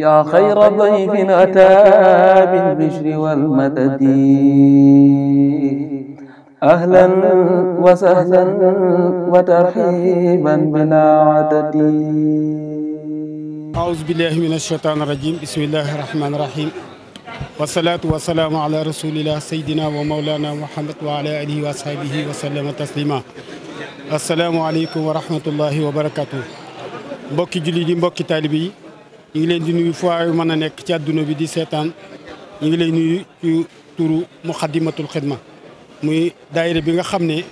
yaa xayra dayfin ataa bil bishri wal madadi ahlan wa sahlan wa tarhiiban bilaa adadi. aouzu billaahi mina shaytaani rajiim bismillaahi rahmaani rahiim. wasalaatu wasalaamu ala rasulilah sayyidina wa mawlaana Muhammad wa ala aalihi wa ashaabihi wa sallama tasliima. asalaamualeykum wa rahmatullaahi wa barakaatu. mbokki jullit yi mbokki taalibe yi. ñu ngi leen di nuyu fu waay mën a nekk ci àdduna bi di seetaan ñu ngi lay nuyu ci turu Muxaddamatul Xidma muy daayira bi nga xam ne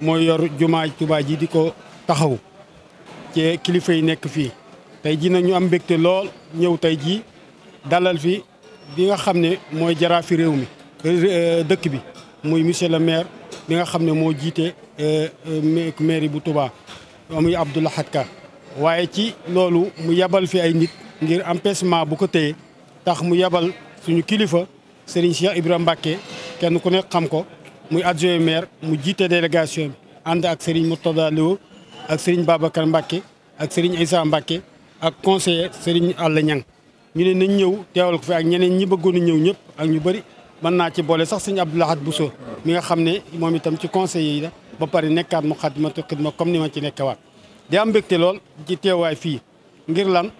moo yor jumaa Tuubaa ji di ko taxaw ci kilifa yi nekk fii tey ji na ñu am mbégte lool ñëw tey jii dalal fi bi nga xam ne mooy jaraa fi réew mi euh, dëkk bi muy monsieur le maire bi nga xam ne moo jiite euh, euh, mairie bu Touba muy Abdou Lahad waaye ci loolu mu yabal fi ay nit ngir empêchement bu ko téye tax mu yebal suñu kilifa Serigne Cheikh Ibrahima Mbacké kenn ku nekk xam ko muy adjoint maire mu jiite délégation bi ànd ak Serigne Mourtada Lo ak Serigne Babacar Mbacké ak Serigne isaa Mbacké ak conseiller Serigne Alla Niang ñu ne nañ ñëw teewal ko fi ak ñeneen ñi bëggoon a ñëw ñëpp ak ñu bëri mën naa ci boole sax sëñ Abdou Lahad Bousso mi nga xam ne moom itam ci conseiller yi la ba pare nekkaat mu xadimatu xidma comme ni ma ci nekkewaat di am fii ngir lan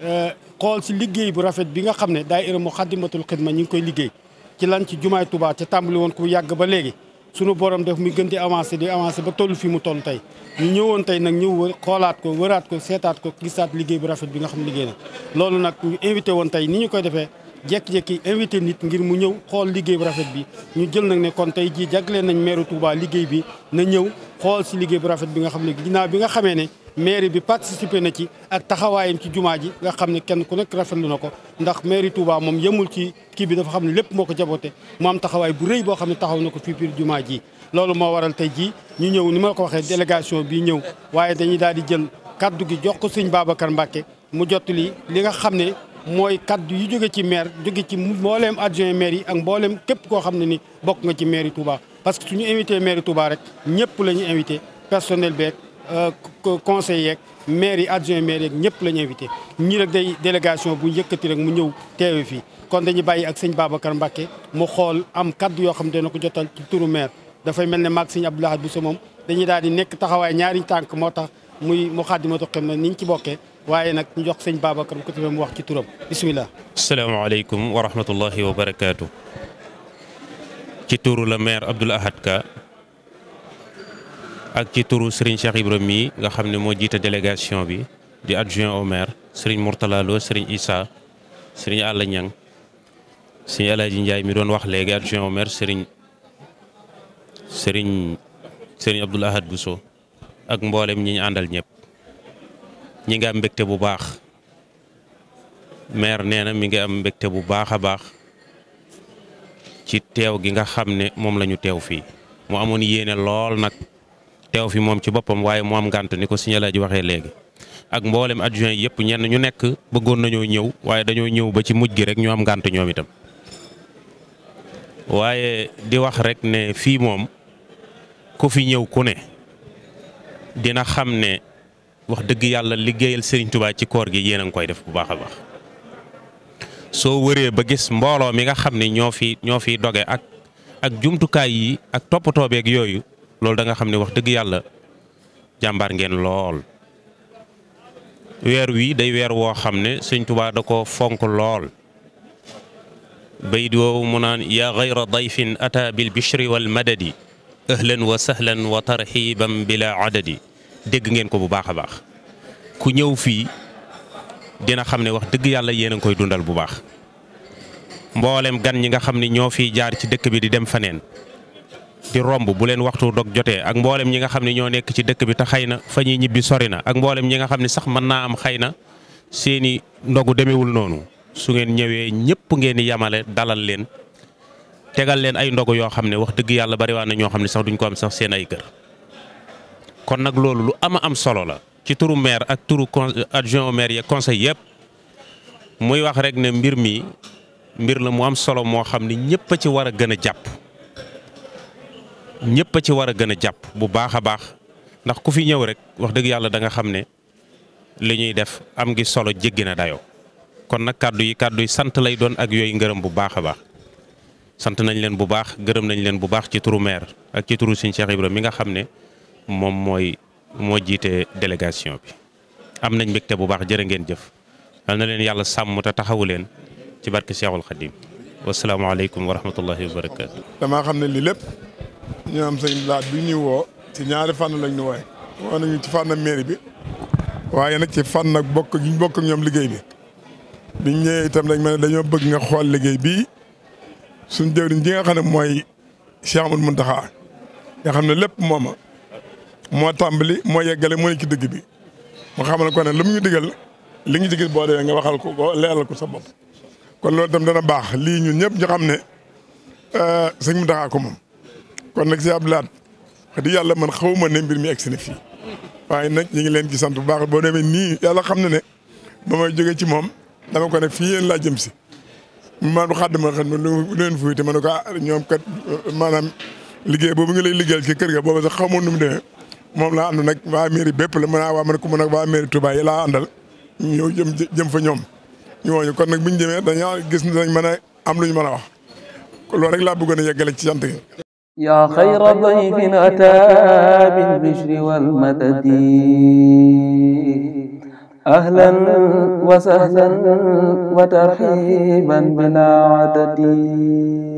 Euh, xool si liggéey bu rafet bi nga xam ne daayira Muxaddamatul Xidma ñu ngi koy liggéey ci lan ci jumaay Tuubaa ca tàmbali woon ku yàgg ba léegi sunu borom def muy gën di avancé di avancé ba toll fii mu toll tey ñu ñëwoon tey nag ñëw wër xoolaat ko wëraat ko seetaat ko gisaat liggéey bu rafet bi nga xam liggéey na loolu nag ñu invité woon tey ni ñu koy defee jékki-jékki invité nit ngir mu ñëw xool liggéey bu rafet bi ñu jël nag ne kon tey jii jagleel nañ maire Touba liggéey bi na ñëw xool si liggéey bu rafet bi nga xam ne ginnaaw bi nga xamee ne maire bi participé na ci ak taxawaayam ci jumaa ji nga xam ne kenn ku nekk rafet rafetlu na ko ndax maire Touba moom yemul ci kii bi dafa xam ne lépp moo ko jaboote mu am taxawaay bu rëy boo xam ne taxaw na ko fii biir jumaa ji loolu moo waral tey jii ñu ñëw ni ma ko waxee délégation bii ñëw waaye dañuy daal di jël kàddu gi jox ko sëñ Babacar Mbacke mu jot li li nga xam ne mooy kaddu yu jóge ci maire jóge ci mbooleem adjoint maire yi ak mbooleem képp koo xam ne ni bokk nga ci maire yi Touba parce que suñu invité maire yi rek ñëpp la ñu invité personnel beeg euh, conseil yeeg maire yi adjoint maire yeeg ñëpp la ñu invité ñi rek day délégation bu yëkkati rek mu ñëw teewe fii kon dañu bàyyi ak sëñ Babacar Mbacke mu xool am kadd yoo xam ne dana ko jotal ci turu maire dafay mel ne maag sëñ Abdoulaye bu sa moom dañuy daal di nekk taxawaay ñaari tànk moo tax muy mu xaddimatu xam ne niñ ci bokkee waaye nag ñu jox sëñ Babacar ku mu wax ci turam bisimilah. salaamaaleykum wa rahmatullahi wa barakaatu. ci turu la maire Abdoul Ahad Ka ak ci turu Serigne Cheikh Ibrahima mi nga xam ne moo jiite délégation bi di adjoint au maire Serigne Mourtala Lo Serigne Issa Serigne Alla Niang Serigne El Hadji mi doon wax léegi adjoint au maire Serigne Serigne Serigne Abdoul Ahad ak mboolem ñi ñu àndal ñëpp. ñi ngi am mbégte bu baax maire nee na mi ngi am mbégte bu baax a baax ci teew gi nga xam ne moom lañu teew fii mu amoon yéene lool nag teew fi moom ci boppam waaye mu am ngànt ni ko signalé ji waxee léegi ak mboolem adjoint yëpp ñenn ñu nekk bëggoon nañoo ñëw waaye dañoo ñëw ba ci mujj gi rek ñu am ngànt ñoom itam waaye di wax rek ne fii moom ko fi ñëw ku ne dina xam ne wax dëgg yàlla liggéeyal Serigne Touba ci koor gi yéen a ngi koy def bu baax a baax soo wëree ba gis mbooloo mi nga xam ne ñoo fi ñoo fiy doge ak ak jumtukaay yi ak toppatoo beeg yooyu loolu danga xam ne wax dëgg yàlla jàmbar ngeen lool. weer wi day weer woo xam ne Sëñ Tuubaa da ko fonk lool bayit woowu mu naan yaa gayra dayfin ata bi bishri wa madadi ahlan wa sahlan wa tarxiiban bila adadi dégg ngeen ko bu baax a baax ku ñëw fii dina xam ne wax dëgg yàlla yéen a ngi koy dundal bu baax mboolem gan ñi nga xam ne ñoo fiy jaar ci dëkk bi di dem faneen di romb bu leen waxtu dog jotee ak mboolem ñi nga xam ne ñoo nekk ci dëkk bi te xay na fa ñuy ñibbi sori na ak mboolem ñi nga xam ne sax mën naa am xay na seeni ndogu demewul noonu su ngeen ñëwee ñëpp ngeen di yamale dalal leen tegal leen ay ndogu yoo xam ne wax dëgg yàlla bari waa na ñoo xam ne sax duñ ko am sax seen ay kër. kon nag loolu lu ama am solo la ci turu ak turu adjoint au maire yeeg conseil yëpp muy wax rek ne mbir mii mbir la mu am solo moo xam ni ñëpp a ci war a gën a jàpp ñëpp a ci war a gën a jàpp bu baax a baax ndax ku fi ñëw rek wax dëgg yàlla da nga xam ne li ñuy def am ngi solo jéggi na dayoo kon nag kàddu yi kàddu yi sant lay doon ak yooyu ngërëm bu baax a baax sant nañ leen bu baax gërëm nañ leen bu baax ci turu ak ci turu Serigne Cheikh Ibrahima mi nga xam ne moom mooy moo jiite délégation bi am nañ mbégte bu baax jërë ngeen jëf yal na leen yàlla sàmm a taxawu leen ci barke Cheikhul Khadim wasalaamaaleykum wa rahmatullahi wa barakaatu. damaa xam ne lii lépp ñu am sëñ laat bi ñu woo ci ñaari fànn lañ ñu wooye woo nañu ci fànn mairie bi waaye nag ci fànn bokk gi bokk ñoom liggéey bi biñ ñëwee itam dañ ma ne dañoo bëgg nga xool liggéey bii suñ jëwriñ ji nga xam ne mooy Cheikh Amadou Mountakha nga xam ne lépp mooma moo tàmbali moo yeggale moo nekk ci dëgg bi mu xamal ko ne lu mu ñu digal li nga ci gis boo dee nga waxal ko boo leeral ko sa bopp. kon loolu itam dana baax lii ñun ñëpp ñu xam ne euh, sëñ mu daxaa moom kon nag si Abdou Lahad wax dëgg yàlla man xaw ma ne mbir mi egg si na fii waaye nag ñu ngi leen ci sant bu baax boo demee nii yàlla xam ne ne ba may jóge ci moom dama ko ne fii yéen laa jëm si. man bu xàdd ma xam ne lu leen fuy te ma ne ko ah, ñoom kat maanaam liggéey boobu nga lay liggéeyal ci kër ga boobu sax xamoon nu mu demee. moom laa ànd nag waa mairie bépp la mën a waa man ku mën a waa mairie Touba yi laa àndal ñëw jëm jëm fa ñoom ñu wooñu kon nag bu ñu jëmee dañoo gis ne dañ mën a am lu ñu mën a wax loolu rek laa bëggoon a yeggale ci sant gi yaa xayra dayfin ataa bil bishri wal madadi ahlan wa sahlan wa tarhiban bilaa adadi